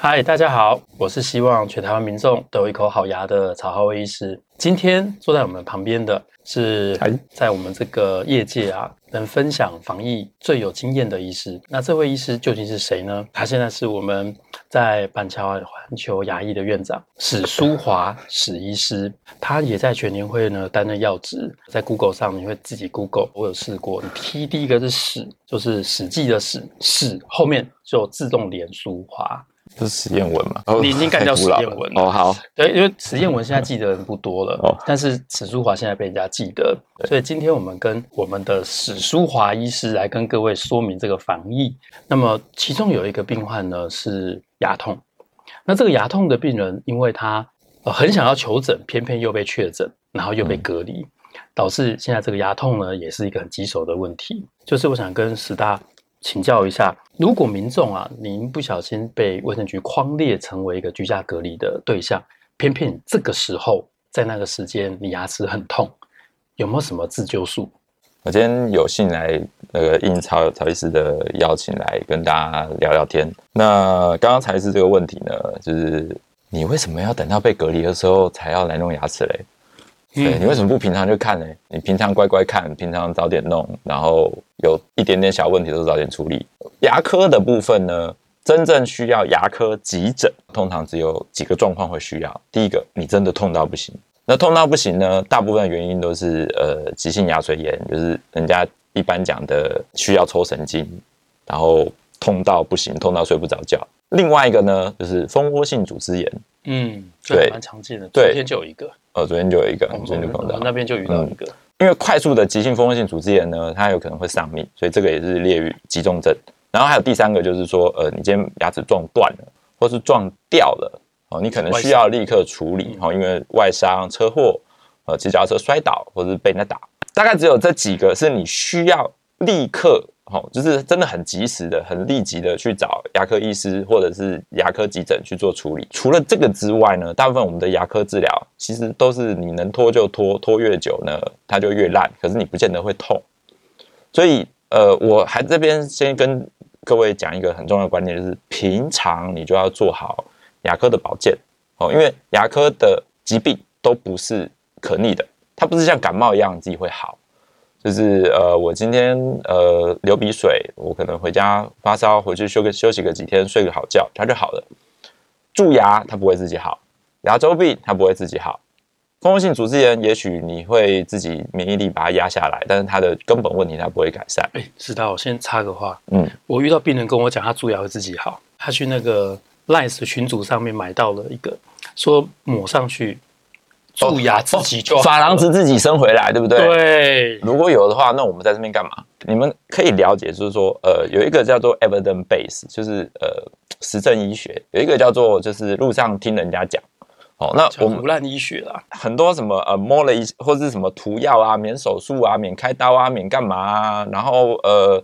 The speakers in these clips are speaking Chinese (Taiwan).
嗨，Hi, 大家好，我是希望全台灣民眾都有一口好牙的曹皓崴醫師。今天坐在我們旁邊的是在我們這個業界啊，能分享防疫最有經驗的醫師。那這位醫師究竟是誰呢？他現在是我們在板橋環球牙醫的院長史書華史醫師。他也在全聯會呢擔任要職。在 Google 上你會自己 Google，我有試過，你 T 第一個是史，就是史記的史史，後面就自動連書華。這是史艷文嘛？Oh, 你已經幹掉史艷文哦。了 oh, 好，對，因為史艷文現在記得人不多了。哦，oh. 但是史書華現在被人家記得，oh. 所以今天我們跟我們的史書華醫師來跟各位說明這個防疫。對那麼其中有一個病患呢是牙痛，那這個牙痛的病人，因為他很想要求診，偏偏又被確診，然後又被隔離，嗯、導致現在這個牙痛呢也是一個很棘手的問題。就是我想跟史大。請教一下，如果民眾啊，您不小心被衛生局匡列成為一個居家隔離的對象，偏偏這個時候在那個時間你牙齒很痛，有沒有什麼自救術？我今天有幸來那個應曹曹醫師的邀請來跟大家聊聊天。那剛剛曹醫師這個問題呢，就是你為什麼要等到被隔離的時候才要來弄牙齒嘞？對，你為什麼不平常去看呢？你平常乖乖看，平常早點弄，然後有一點點小問題都早點處理。牙科的部分呢，真正需要牙科急診，通常只有幾個狀況會需要。第一個，你真的痛到不行。那痛到不行呢，大部分原因都是呃急性牙髓炎，就是人家一般講的需要抽神經，然後痛到不行，痛到睡不着覺。另外一個呢，就是蜂窩性組織炎。嗯，還對，蠻常見的。昨天就有一個，呃、哦，昨天就有一個，昨天就碰到，那邊就遇到一個、嗯。因為快速的急性蜂窩性組織炎呢，它有可能會喪命，所以這個也是列於急重症。然後還有第三個就是說，呃，你今天牙齒撞斷了，或是撞掉了，哦，你可能需要立刻處理，哦傷，因為外傷、車禍、呃，騎腳踏車摔倒，或是被人家打，大概只有這幾個是你需要立刻。好、哦，就是真的很及時的、很立即的去找牙科醫師或者是牙科急診去做處理。除了這個之外呢，大部分我們的牙科治療其實都是你能拖就拖，拖越久呢，它就越爛，可是你不見得會痛。所以，呃，我還這邊先跟各位講一個很重要的觀念，就是平常你就要做好牙科的保健哦，因為牙科的疾病都不是可逆的，它不是像感冒一樣自己會好。就是呃，我今天呃流鼻水，我可能回家發燒，回去休個休息個幾天，睡個好覺，它就好了。蛀牙它不會自己好，牙周病它不會自己好，蜂窩性組織炎也許你會自己免疫力把它壓下來，但是它的根本問題它不會改善。哎，知道，我先插個話，嗯，我遇到病人跟我講，他蛀牙會自己好，他去那個 LINE 群組上面買到了一個，說抹上去。蛀、oh, 牙自己做，琺瑯質自己生回來，對不對？對。如果有的話，那我們在這邊幹嘛？你們可以了解，就是說，呃，有一個叫做 Evidence Base，就是呃，實證醫學。有一個叫做，就是路上聽人家講。哦，那我們胡亂醫學啦，很多什麼呃，摸了醫或是什麼塗藥啊，免手術啊，免開刀啊，免幹嘛啊？然後呃，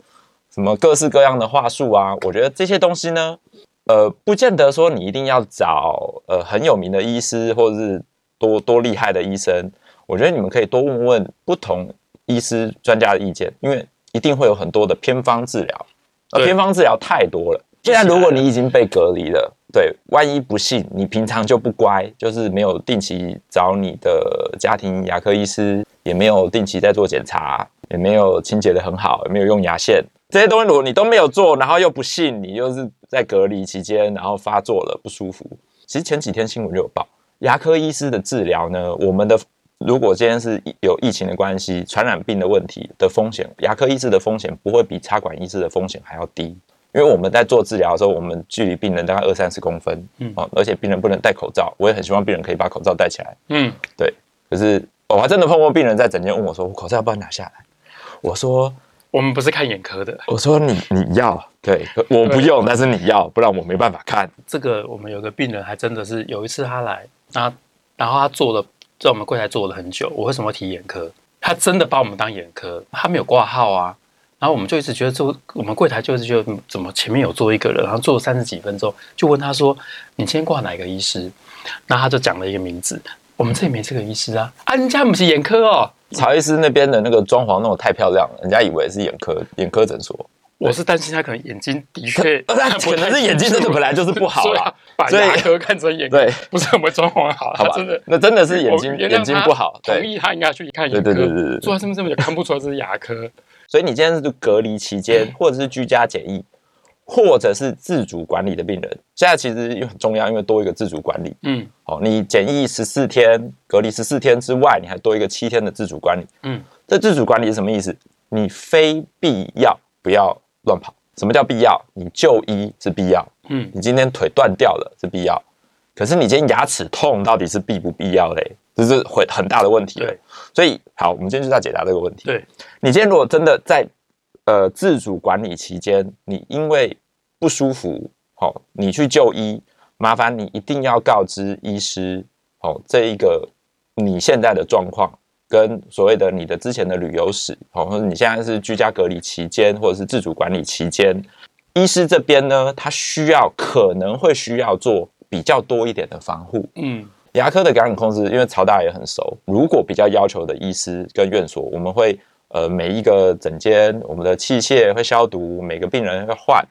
什麼各式各樣的話術啊？我覺得這些東西呢，呃，不見得說你一定要找呃很有名的醫師，或者是。多多厲害的醫生，我覺得你們可以多問問不同醫師專家的意見，因為一定會有很多的偏方治療，而偏方治療太多了。現在如果你已經被隔離了，對，萬一不幸，你平常就不乖，就是沒有定期找你的家庭牙科醫師，也沒有定期在做檢查，也沒有清潔得很好，也沒有用牙線，這些東西如果你都沒有做，然後又不幸，你又是在隔離期間，然後發作了不舒服。其實前幾天新聞就有報。牙科醫師的治療呢？我們的如果今天是有疫情的關係，傳染病的問題的風險，牙科醫師的風險不會比插管醫師的風險還要低。因為我們在做治療的時候，我們距離病人大概二三十公分，嗯、哦，而且病人不能戴口罩，我也很希望病人可以把口罩戴起來，嗯，對。可是我還真的碰過病人在診間問我說：“我口罩要不要拿下來？”我說：“我們不是看眼科的。”我說你：“你你要對，我不用，對但是你要，不然我沒辦法看。”這個我們有個病人還真的是有一次他來。那、啊、然後他坐了在我們櫃檯坐了很久。我為什麼提眼科？他真的把我們當眼科，他沒有掛號啊。然後我們就一直覺得坐，就我們櫃檯就是就怎麼前面有坐一個人，然後坐三十幾分鐘，就問他說：“你今天掛哪個醫師？”那他就講了一個名字。我們這裡沒這個醫師啊！啊，人家不是眼科哦。曹醫師那邊的那個裝潢弄得太漂亮了，人家以為是眼科眼科診所。我是擔心他可能眼睛的確，可能是眼睛是本來就是不好了，把牙科看成眼科，對，不是我們中文好，好吧？那真的是眼睛眼睛不好，同意他應該去看眼科，對對對對對。做身份證也看不出來這是牙科，所以你今天是就隔離期間，或者是居家檢疫，或者是自主管理的病人，現在其實又很重要，因為多一個自主管理，嗯，哦，你檢疫十四天，隔離十四天之外，你還多一個七天的自主管理，嗯，這自主管理是什麼意思？你非必要不要。亂跑？什麼叫必要？你就醫是必要，嗯，你今天腿斷掉了是必要，可是你今天牙齒痛到底是必不必要嘞？這是會很大的問題。對，所以好，我們今天就要解答這個問題。對，你今天如果真的在呃自主管理期間，你因為不舒服，好、哦，你去就醫，麻煩你一定要告知醫師，好、哦，這一個你現在的狀況。跟所謂的你的之前的旅遊史，或者你現在是居家隔離期間，或者是自主管理期間，醫師這邊呢，他需要可能會需要做比較多一點的防護。嗯，牙科的感染控制，因為曹大也很熟，如果比較要求的醫師跟院所，我們會呃每一個診間我們的器械會消毒，每個病人會換。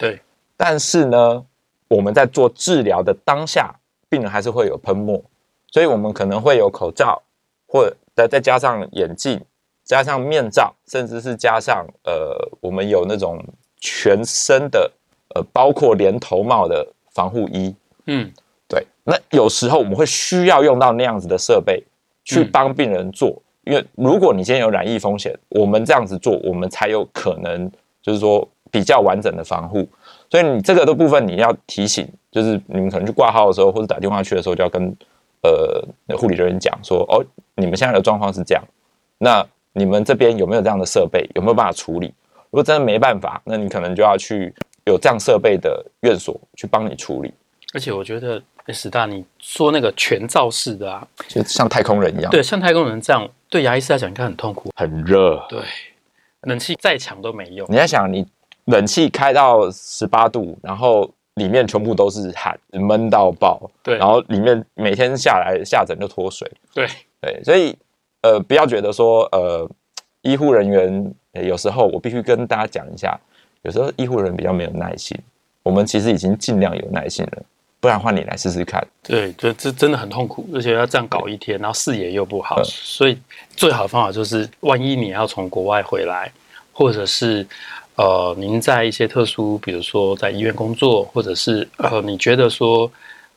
對，但是呢，我們在做治療的當下，病人還是會有噴沫，所以我們可能會有口罩或。再再加上眼鏡，加上面罩，甚至是加上呃，我們有那種全身的呃，包括連頭帽的防護衣。嗯，對。那有時候我們會需要用到那樣子的設備去幫病人做，嗯、因為如果你今天有染疫風險，我們這樣子做，我們才有可能就是說比較完整的防護。所以你這個的部分你要提醒，就是你們可能去掛號的時候或者打電話去的時候就要跟。呃，那護理的人講說，哦，你們現在的狀況是這樣，那你們這邊有沒有這樣的設備？有沒有辦法處理？如果真的沒辦法，那你可能就要去有這樣設備的院所去幫你處理。而且我覺得，欸，史大，你說那個全罩式的啊，就像太空人一樣，對，像太空人這樣，對牙醫師來講應該很痛苦，很熱，對，冷氣再強都沒用。你在想，你冷氣開到十八度，然後。裡面全部都是汗，悶到爆，對，然後裡面每天下來下診就脫水，對對，所以呃，不要覺得說呃，醫護人員、呃、有時候我必須跟大家講一下，有時候醫護人員比較沒有耐心，我們其實已經盡量有耐心了，不然換你來試試看。對，對這真的很痛苦，而且要這樣搞一天，對然後視野又不好，嗯、所以最好的方法就是，萬一你要從國外回來，或者是。呃，您在一些特殊，比如說在醫院工作，或者是呃，你覺得說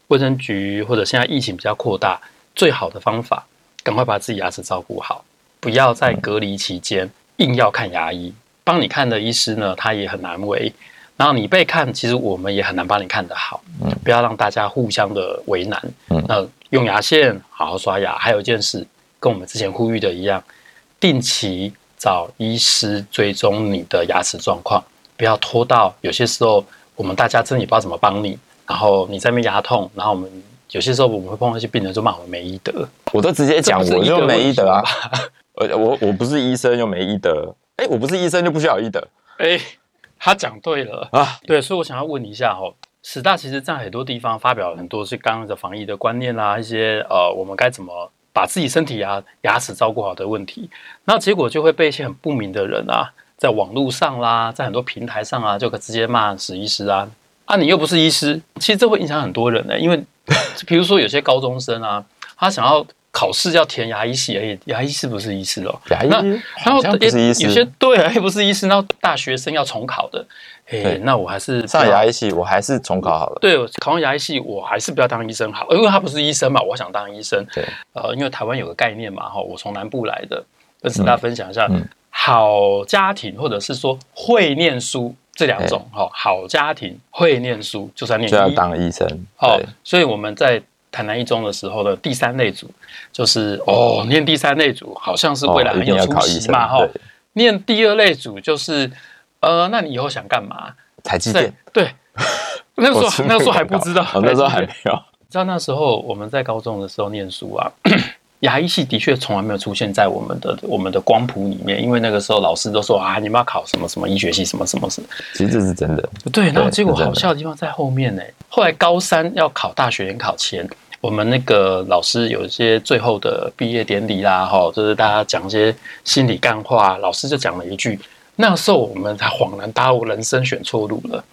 衛生局或者現在疫情比較擴大，最好的方法，趕快把自己牙齒照顧好，不要在隔離期間硬要看牙醫。幫你看的醫師呢，他也很難為；然後你被看，其實我們也很難幫你看得好。不要讓大家互相的為難。嗯、呃，那用牙線好好刷牙，還有一件事，跟我們之前呼籲的一樣，定期。找醫師追蹤你的牙齒狀況，不要拖到。有些時候，我們大家真的也不知道怎麼幫你，然後你在那邊牙痛，然後我們有些時候我們會碰到一些病人就罵我沒醫德，我都直接講，我又沒醫德啊！我啊 我我，我不是醫生又沒醫德，哎、欸，我不是醫生就不需要醫德，哎、欸，他講對了啊，對，所以我想要問一下哦，史大其實在很多地方發表了很多是剛剛的防疫的觀念啦，一些呃，我們該怎麼？把自己身體啊、牙齒照顧好的問題，那結果就會被一些很不明的人啊，在網絡上啦，在很多平台上啊，就可直接罵死醫師啊！啊，你又不是醫師，其實這會影響很多人呢、欸，因為比如說有些高中生啊，他想要。考試要填牙醫系，哎、欸，牙醫是不是醫師哦、喔？牙醫，那他不是醫、欸、有些對啊、欸，不是醫師。那大學生要重考的，嘿、欸、對那我還是上牙醫系，我還是重考好了。對，我考完牙醫系，我還是不要當醫生好、欸，因為他不是醫生嘛，我想當醫生。對，呃，因為台灣有個概念嘛，哈，我從南部來的，跟史大分享一下，嗯嗯、好家庭或者是說會念書這兩種哈、欸，好家庭會念書，就算念就要當醫生。哦，所以我們在。台南一中的時候的第三類組，就是哦，念第三類組好像是未來很、哦、有出息嘛，哈。念第二類組就是，呃，那你以後想幹嘛？台積電？對，那時候 那時候還不知道，那時候還沒有。你知道那時候我們在高中的時候念書啊。 牙醫系的確從來沒有出現在我們的我們的光譜裡面，因為那個時候老師都說啊，你們要考什麼什麼醫學系什麼什麼什麼，其實這是真的。對，然後對結果好笑的地方在後面呢。後來高三要考大學聯考前，我們那個老師有一些最後的畢業典禮啦，哈，就是大家講一些心理幹話，老師就講了一句，那時候我們才恍然大悟，人生選錯路了。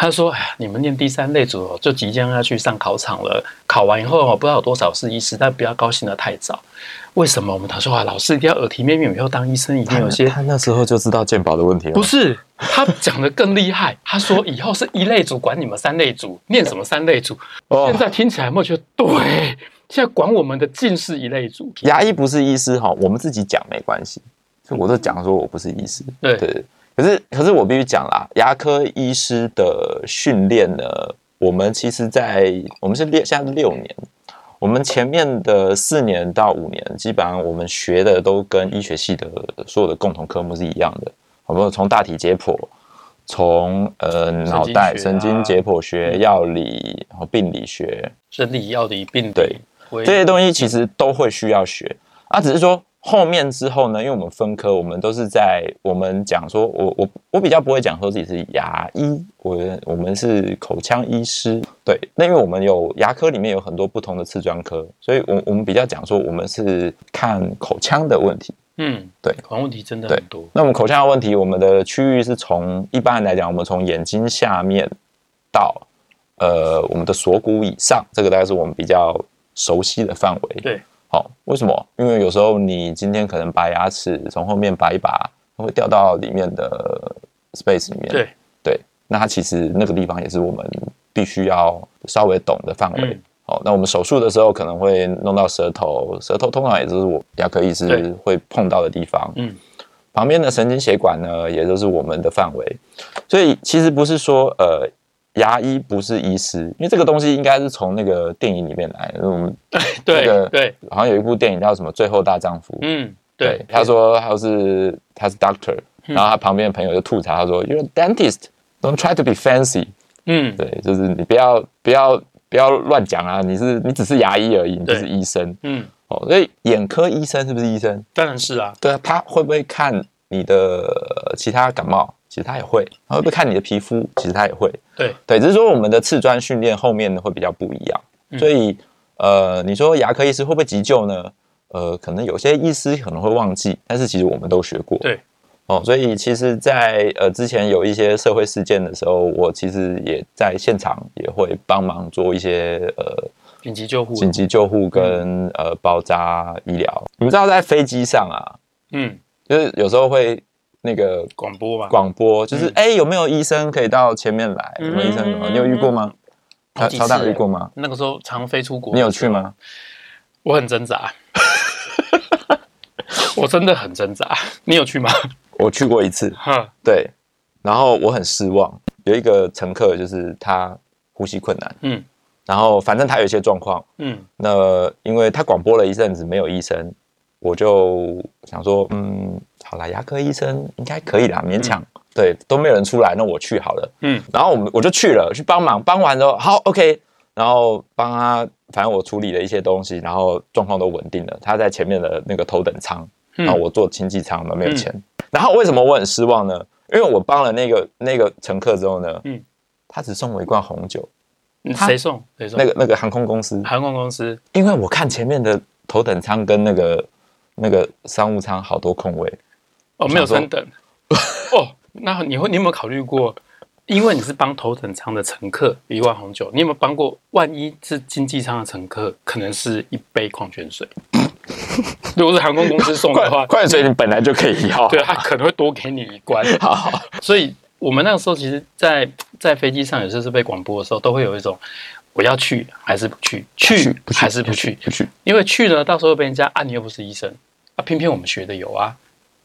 他說：“哎，你們念第三類組就即將要去上考場了，考完以後我不知道有多少是醫師，但不要高興得太早。為什麼？”我們他說：“啊，老師一定要耳提面命，以後當醫生一定有些……”他，他那時候就知道健保的問題了。不是他講得更厲害， 他說以後是一類組管你們三類組，念什麼三類組？對現在聽起來我有，有覺得對。現在管我們的盡是一類組，牙醫不是醫師哈，我們自己講沒關係。所以我都講說我不是醫師。對。對可是，可是我必須講啦，牙科醫師的訓練呢，我們其實在，在我們是六，現在六年，我們前面的四年到五年，基本上我們學的都跟醫學系的所有的共同科目是一樣的，我們從大體解剖，從呃腦袋經、啊、神經解剖學、藥理、然後病理學、生理、藥理、病理，對，險這些東西其實都會需要學，啊，只是說。後面之後呢？因為我們分科，我們都是在我們講說，我我我比較不會講說自己是牙醫，我我們是口腔醫師，對。那因為我們有牙科裡面有很多不同的次專科，所以我我們比較講說，我們是看口腔的問題，嗯，對。口腔問題真的很多。那我們口腔的問題，我們的區域是從一般來講，我們從眼睛下面到呃我們的鎖骨以上，這個大概是我們比較熟悉的範圍，對。好，為什麼？因為有時候你今天可能拔牙齒，從後面拔一拔，它會掉到裡面的 space 裡面。對對，那它其實那個地方也是我們必須要稍微懂的範圍。嗯、好，那我們手術的時候可能會弄到舌頭，舌頭通常也就是我牙科醫師會碰到的地方。嗯對，旁邊的神經血管呢，也就是我們的範圍。所以其實不是說呃。牙醫不是醫師，因為這個東西應該是從那個電影裡面來。我們那個對，好像有一部電影叫什麼《最後大丈夫》。 嗯，對，對，他說他是他是 doctor，、嗯、然後他旁邊的朋友就吐槽他說、嗯、：“You're a dentist, don't try to be fancy。”嗯，對，就是你不要不要不要亂講啊！你是你只是牙醫而已，你就是醫生。嗯，哦，所以眼科醫生是不是醫生？當然是啊。對啊，他會不會看你的其他感冒？其實他也會，他會不會看你的皮膚？其實他也會。對對，只是說我們的次專訓練後面會比較不一樣。嗯、所以呃，你說牙科醫師會不會急救呢？呃，可能有些醫師可能會忘記，但是其實我們都學過。對哦，所以其實在，在呃之前有一些社會事件的時候，我其實也在現場也會幫忙做一些呃緊急救護、緊急救護跟、嗯、呃包紮醫療。嗯、你不知道在飛機上啊，嗯，就是有時候會。那個廣播吧，廣播就是哎、嗯，有沒有醫生可以到前面來？有沒有醫生有什麼？你有遇過嗎？嗯嗯嗯，曹、曹大遇過嗎嗯嗯？那個時候常、常飛出國，你有去嗎？我很掙扎， 我真的很掙扎。你有去嗎？我去過一次。哈， 對，然後我很失望。有一個乘客就是他呼吸困難，嗯，然後反正他有一些狀況，嗯，那因為他廣播了一陣子沒有醫生，我就想說，嗯。好啦，牙科醫生應該可以啦，勉強。嗯、對，都沒有人出來，那我去好了。嗯，然後我們，我就去了，去幫忙。幫完之後，好，OK。然後幫他，反正我處理了一些東西，然後狀況都穩定了。他在前面的那個頭等艙，嗯、然後我坐經濟艙嘛，沒有錢。嗯嗯、然後為什麼我很失望呢？因為我幫了那個那個乘客之後呢，嗯，他只送我一罐紅酒。他誰送？誰送？那個那個航空公司。航空公司。因為我看前面的頭等艙跟那個那個商務艙好多空位。哦，沒有升等。想說 哦，那你會，你有沒有考慮過？因為你是幫頭等艙的乘客一罐紅酒，你有沒有幫過？萬一是經濟艙的乘客，可能是一杯礦泉水。 如果是航空公司送的話，礦泉水你本來就可以要， 對，他可能會多給你一罐。好好好所以，我們那個時候其實在，在在飛機上，有時候是被廣播的時候，都會有一種我要去還是不去，去還是不去，不去，因為去了到時候被人家啊，你又不是醫生啊，偏偏我們學的有啊。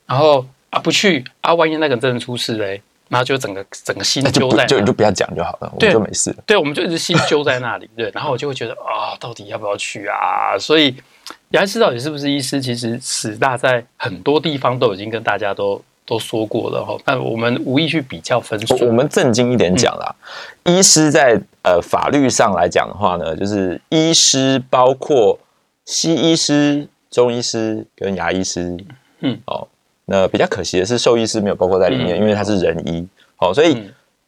然後啊，不去啊，萬一那個真的出事嘞，然後就整個整個心揪在就你就，就不要講就好了，對我們就沒事。對，我們就一直心揪在那裡，對。然後我就會覺得啊、 哦，到底要不要去啊？所以牙醫師到底是不是醫師？其實史大在很多地方都已經跟大家都都說過了哈。但我們無意去比較分數，我，我們正經一點講啦，嗯、醫師在呃法律上來講的話呢，就是醫師包括西醫師、中醫師跟牙醫師，嗯，哦。那比較可惜的是，獸醫師沒有包括在裡面，嗯、因為他是人醫，好、嗯哦，所以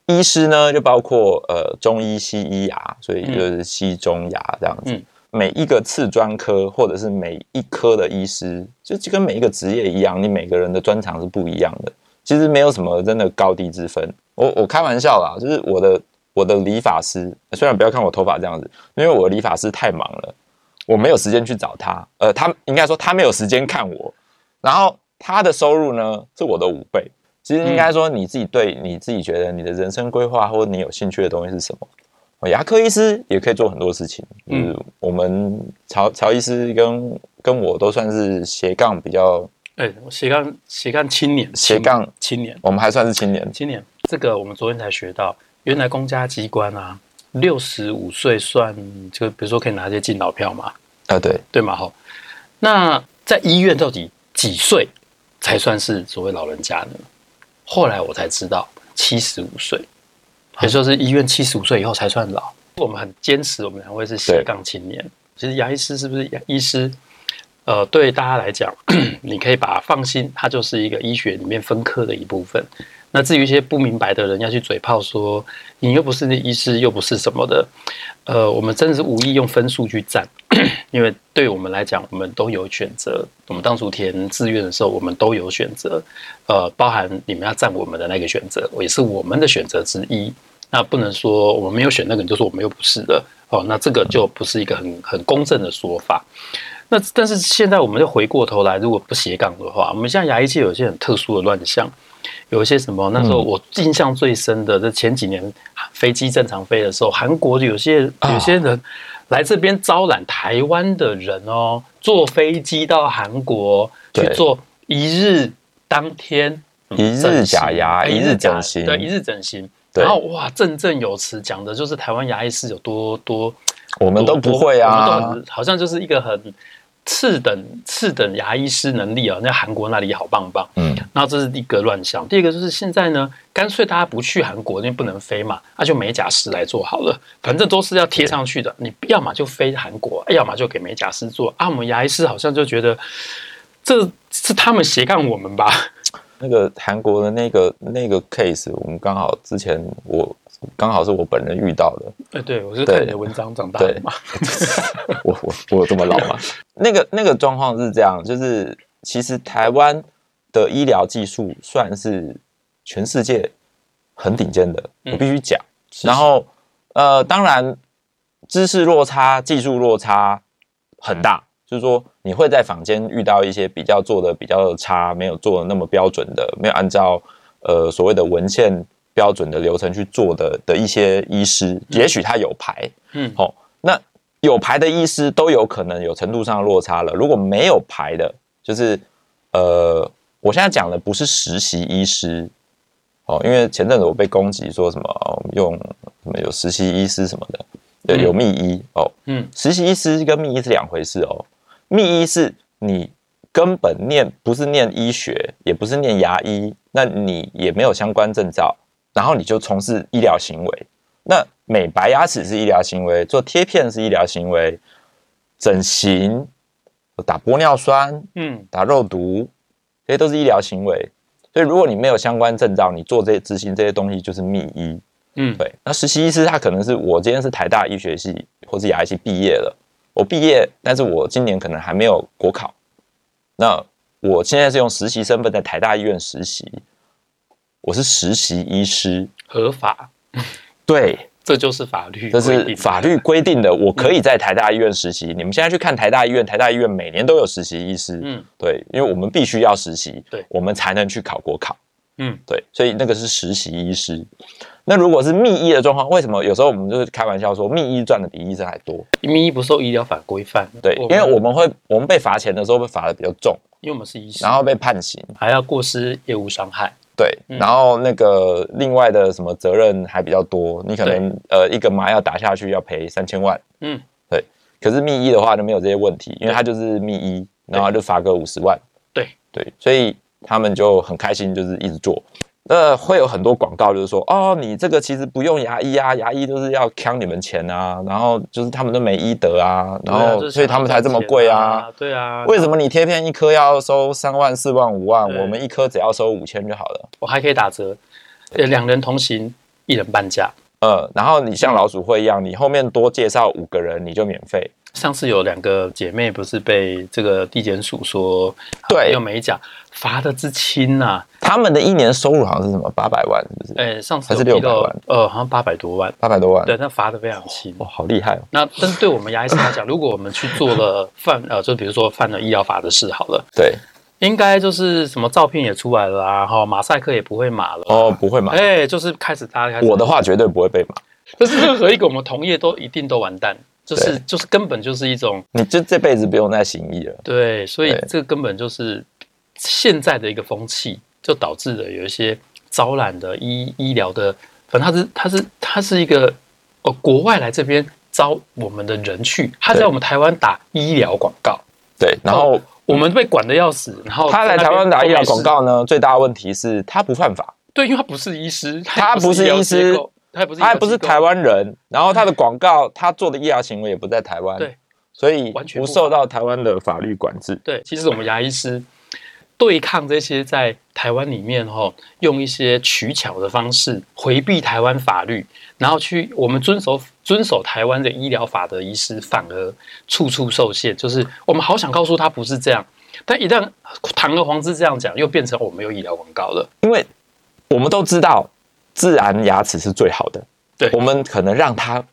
醫師呢就包括呃中醫、西醫、牙，所以就是西中牙這樣子。嗯嗯、每一個次專科或者是每一科的醫師，就就跟每一個職業一樣，你每個人的專長是不一樣的。其實沒有什麼真的高低之分。我我開玩笑啦，就是我的我的理髮師，雖然不要看我頭髮這樣子，因為我的理髮師太忙了，我沒有時間去找他。呃，他應該說他沒有時間看我，然後。他的收入呢是我的五倍。其實應該說你自己對、嗯、你自己覺得你的人生規劃，或者你有興趣的東西是什麼？我牙科醫師也可以做很多事情。嗯，我們曹曹醫師跟跟我都算是斜槓比較。欸、斜槓斜槓青年，斜槓青年，我們還算是青年青年。這個我們昨天才學到，原來公家機關啊，六十五歲算，就比如說可以拿一些敬老票嘛。啊、呃，對對嘛，哈。那在醫院到底幾歲？才算是所謂老人家呢？後來我才知道，七十五歲，也就是醫院七十五歲以後才算老。我們很堅持，我們兩位是斜槓青年。其實牙醫師是不是醫師？呃，對大家來講，你可以把它放心，它就是一個醫學裡面分科的一部分。那至於一些不明白的人要去嘴炮說，你又不是那醫師，又不是什麼的，呃，我們真的是無意用分數去占， 因為對我們來講，我們都有選擇。我們當初填志願的時候，我們都有選擇，呃，包含你們要占我們的那個選擇，也是我們的選擇之一。那不能說我們沒有選那個人，就說我們又不是了。哦，那這個就不是一個很很公正的說法。那但是現在我們就回過頭來，如果不斜槓的話，我們像牙醫界有一些很特殊的亂象。有一些什麼？那時候我印象最深的，就、嗯、前幾年飛機正常飛的時候，韓國有些、啊、有些人來這邊招攬台灣的人哦，坐飛機到韓國去做一日當天對、嗯、一日假牙，一日整形，對，一日整形。對然後哇，振振有詞講的就是台灣牙醫師有多多，多我們都不會啊，好像就是一個很。次等次等牙醫師能力啊，那韓國那裡好棒棒。嗯，然後這是第一個亂象。第二個就是現在呢，乾脆大家不去韓國，因為不能飛嘛，那、啊、就美甲師來做好了，反正都是要貼上去的。對你要麼就飛韓國，要麼就給美甲師做。啊，我們牙醫師好像就覺得這是他們斜槓我們吧？那個韓國的那個那個 case，我們剛好之前我。剛好是我本人遇到的，哎，欸、對，我是看你的文章長大嘛，就是，我我我有這麼老嗎？ 那個那個狀況是這樣，就是其實台灣的醫療技術算是全世界很頂尖的，我必須講。嗯，然後是是呃，當然知識落差、技術落差很大，嗯，就是說你會在坊間遇到一些比較做的比較的差、沒有做的那麼標準的，沒有按照呃所謂的文獻標準的流程去做的的一些醫師，也許他有牌，嗯，好、哦，那有牌的醫師都有可能有程度上落差了。如果沒有牌的，就是呃，我現在講的不是實習醫師，哦，因為前陣子我被攻擊說什麼用什麼有實習醫師什麼的，嗯、對有密醫哦，嗯，實習醫師跟密醫是兩回事哦，密醫是你根本念不是念醫學，也不是念牙醫，那你也沒有相關證照。然後你就從事醫療行為，那美白牙齒是醫療行為，做貼片是醫療行為，整形，打玻尿酸，嗯，打肉毒，嗯、這些都是醫療行為。所以如果你沒有相關證照，你做這些執行這些東西就是密醫，嗯，對。那實習醫師他可能是我今天是台大醫學系或是牙醫系畢業了，我畢業，但是我今年可能還沒有國考，那我現在是用實習身份在台大醫院實習。我是實習醫師，合法，對，這就是法律，這是法律規定的，我可以在台大醫院實習。你們現在去看台大醫院，台大醫院每年都有實習醫師，嗯，對，因為我們必須要實習，對，我們才能去考國考，嗯，對，所以那個是實習醫師。那如果是密醫的狀況，為什麼有時候我們就是開玩笑說密醫賺的比醫生還多？密醫不受醫療法規範，對，因為我們會，我們被罰錢的時候會罰得比較重，因為我們是醫生，然後被判刑，還要過失業務傷害。對，然後那個另外的什麼責任還比較多，你可能對呃一個麻藥打下去要賠三千萬，嗯，對。可是密醫的話就沒有這些問題，因為他就是密醫，對然後他就罰個五十萬，對對，對，所以他們就很開心，就是一直做。那、呃、會有很多廣告，就是說，哦，你這個其實不用牙醫啊，牙醫都是要坑你們錢啊，然後就是他們都沒醫德啊，啊然後所以他們才這麼貴啊。對啊。對啊為什麼你貼片一顆要收三萬、四萬、五萬，對我們一顆只要收五千就好了？我還可以打折，欸、兩人同行一人半價。呃，然後你像老鼠會一樣，你後面多介紹五個人，你就免費。上次有兩個姐妹不是被這個地檢署說對又沒,沒講罰得之輕吶、啊，他們的一年收入好像是什麼八百萬，不是？哎、上次還是六百萬，呃，好像八百多萬，八百多萬。對，那罰得非常輕，哇、哦哦，好厲害、哦。那針對我們牙醫師來講， 如果我們去做了犯呃，就比如說犯了醫療法的事，好了，對，應該就是什麼照片也出來了啦、啊，哈，馬賽克也不會馬了、啊、哦，不會馬，哎，就是開始大家開始。我的話絕對不會被馬，但是任何一個我們同業都一定都完蛋。就是對就是根本就是一種，你就這輩子不用再行醫了。對，所以這個根本就是現在的一個風氣，就導致了有一些招攬的醫醫療的，反正他是他是他是一個哦、呃，國外來這邊招我們的人去，他在我們台灣打醫療廣告。對，然後，然後我們被管的要死。然後在他來台灣打醫療廣告呢，最大的問題是他不犯法。對，因為他不是醫師，他不是醫，不是醫師。他也不，不是台灣人，然後他的廣告，嗯、他做的醫療行為也不在台灣，對，所以完全不受到台灣的法律管制。對，其實我們牙醫師對抗這些在台灣裡面哈，是用一些取巧的方式回避台灣法律，然後去我們遵守遵守台灣的醫療法的醫師，反而處處受限。就是我們好想告訴他不是這樣，但一旦堂而皇之這樣講，又變成我們有醫療廣告了，因為我們都知道。自然牙齒是最好的，對，我們可能讓它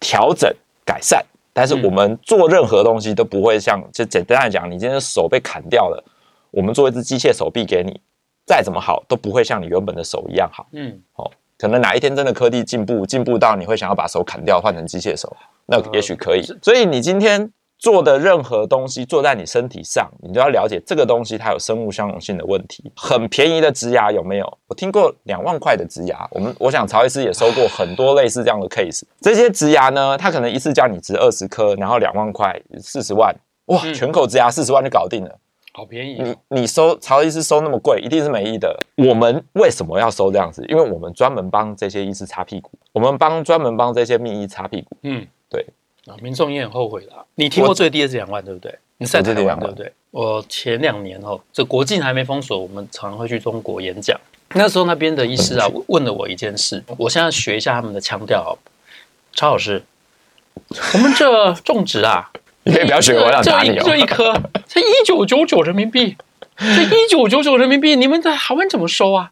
調整改善，但是我們做任何東西都不會像、嗯、就簡單來講，你今天手被砍掉了，我們做一只機械手臂給你，再怎麼好都不會像你原本的手一樣好，嗯，哦，可能哪一天真的科技進步，進步到你會想要把手砍掉，換成機械手，那也許可以，嗯、所以你今天。做的任何東西做在你身體上，你都要了解這個東西它有生物相容性的問題。很便宜的植牙有沒有？我聽過兩萬塊的植牙，我們我想曹醫師也收過很多類似這樣的 case。嗯、這些植牙呢，他可能一次叫你植二十顆，然後兩萬塊，四十萬，哇，嗯、全口植牙四十萬就搞定了，好便宜，哦你。你你收曹醫師收那麼貴，一定是沒意的。我們為什麼要收這樣子？因為我們專門幫這些醫師擦屁股，我們幫專門幫這些密醫擦屁股。嗯。民眾也很後悔的，啊。你聽過最低的是兩萬，對不對？我 你是在台灣，對不對？我，我前兩年哦，這國境還沒封鎖，我們常，常會去中國演講。那時候那邊的醫師啊，問了我一件事，我現在學一下他們的腔調，曹老師，我們這種植啊， 一你可以不要學我，我哦，這就一顆才一九九九人民幣，這一九九九人民幣，你們在台灣怎麼收啊？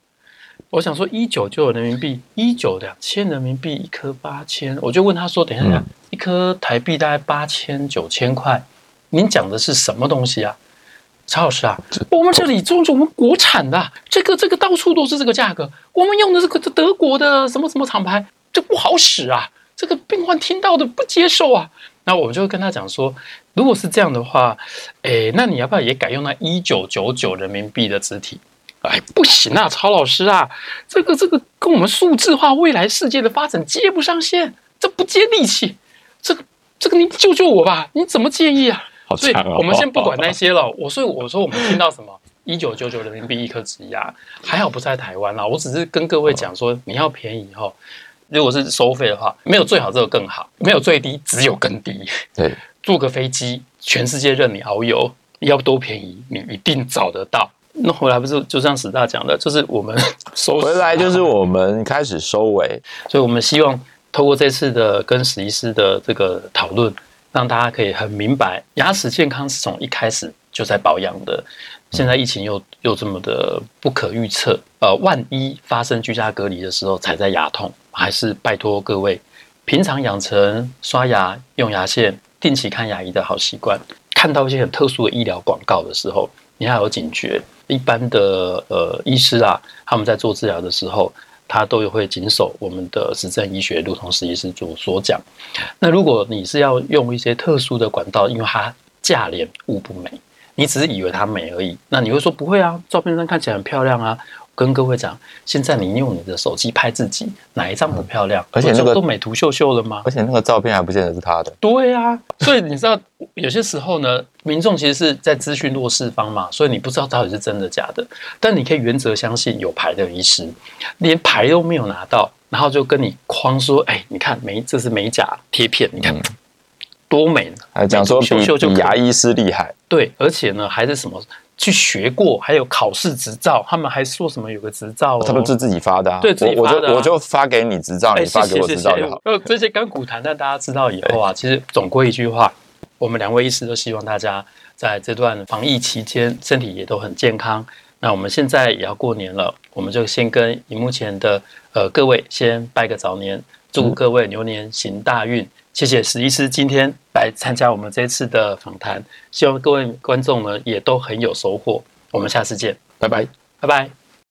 我想說一九九九人民幣一九兩千人民幣一顆八千，我就問他說：“等一下，等一下，一顆台幣大概八千九千塊，您講的是什麼東西啊？”曹老師啊，這我們這裡裝著我們國產的啊，這個這個到處都是這個價格，我們用的是這個德國的什麼什麼廠牌，這不好使啊，這個病患聽到的不接受啊。那我們就會跟他講說，如果是這樣的話，哎，那你要不要也改用那一九九九人民幣的植體？哎，不行啊，曹老師啊，這個這個跟我們數字化未來世界的發展接不上線，這不接地氣，這個這個你救救我吧！你怎麼建議啊？好強哦、啊！所以我們先不管那些了。我 所以我說我們聽到什麼一九九九人民幣一顆植牙，還好不在台灣啦、啊。我只是跟各位講說，你要便宜哈，如果是收費的話，沒有最好這個更好，沒有最低只有更低。對，坐個飛機，全世界任你遨遊，你要多便宜你一定找得到。那後來不是就像史大講的，就是我們收回來，就是我們開始收尾，所以我們希望透過這次的跟史醫師的這個討論，讓大家可以很明白，牙齒健康是從一開始就在保養的。嗯、現在疫情又又這麼的不可預測，呃，萬一發生居家隔離的時候才在牙痛，還是拜託各位平常養成刷牙、用牙線、定期看牙醫的好習慣。看到一些很特殊的醫療廣告的時候，你要有警覺。一般的呃醫師啊，他們在做治療的時候，他都會謹守我們的實證醫學，如同史醫師所所講。那如果你是要用一些特殊的管道，因為它價廉物不美，你只是以為它美而已，那你會說不會啊，照片上看起來很漂亮啊。跟各位講，現在你用你的手機拍自己哪一張很漂亮，嗯？而且那個都美圖秀秀了嗎？而且那個照片還不見得是他的。對啊， 所以你知道有些時候呢，民眾其實是在資訊弱勢方嘛，所以你不知道到底是真的假的。嗯、但你可以原則相信有牌的醫師，連牌都沒有拿到，然後就跟你框說：“哎，你看美，這是美甲貼片，你看、嗯、多美呢。”還講說圖秀秀就牙醫師厲害。對，而且呢，還是什麼？去學過，還有考試執照，他們還說什麼有個執照、哦，他們是自己發的、啊，對，自己發的、啊、我，我就我就發給你執照，你發給我執照就好了。呃、欸，是是是是這些跟股談，但大家知道以後啊，欸、其實總歸一句話，我們兩位醫師都希望大家在這段防疫期間身體也都很健康。那我們現在也要過年了，我們就先跟熒幕前的呃各位先拜個早年，祝各位牛年行大運。嗯謝謝史醫師今天來參加我們這次的訪談，希望各位觀眾呢也都很有收穫。我們下次見，拜拜，拜拜。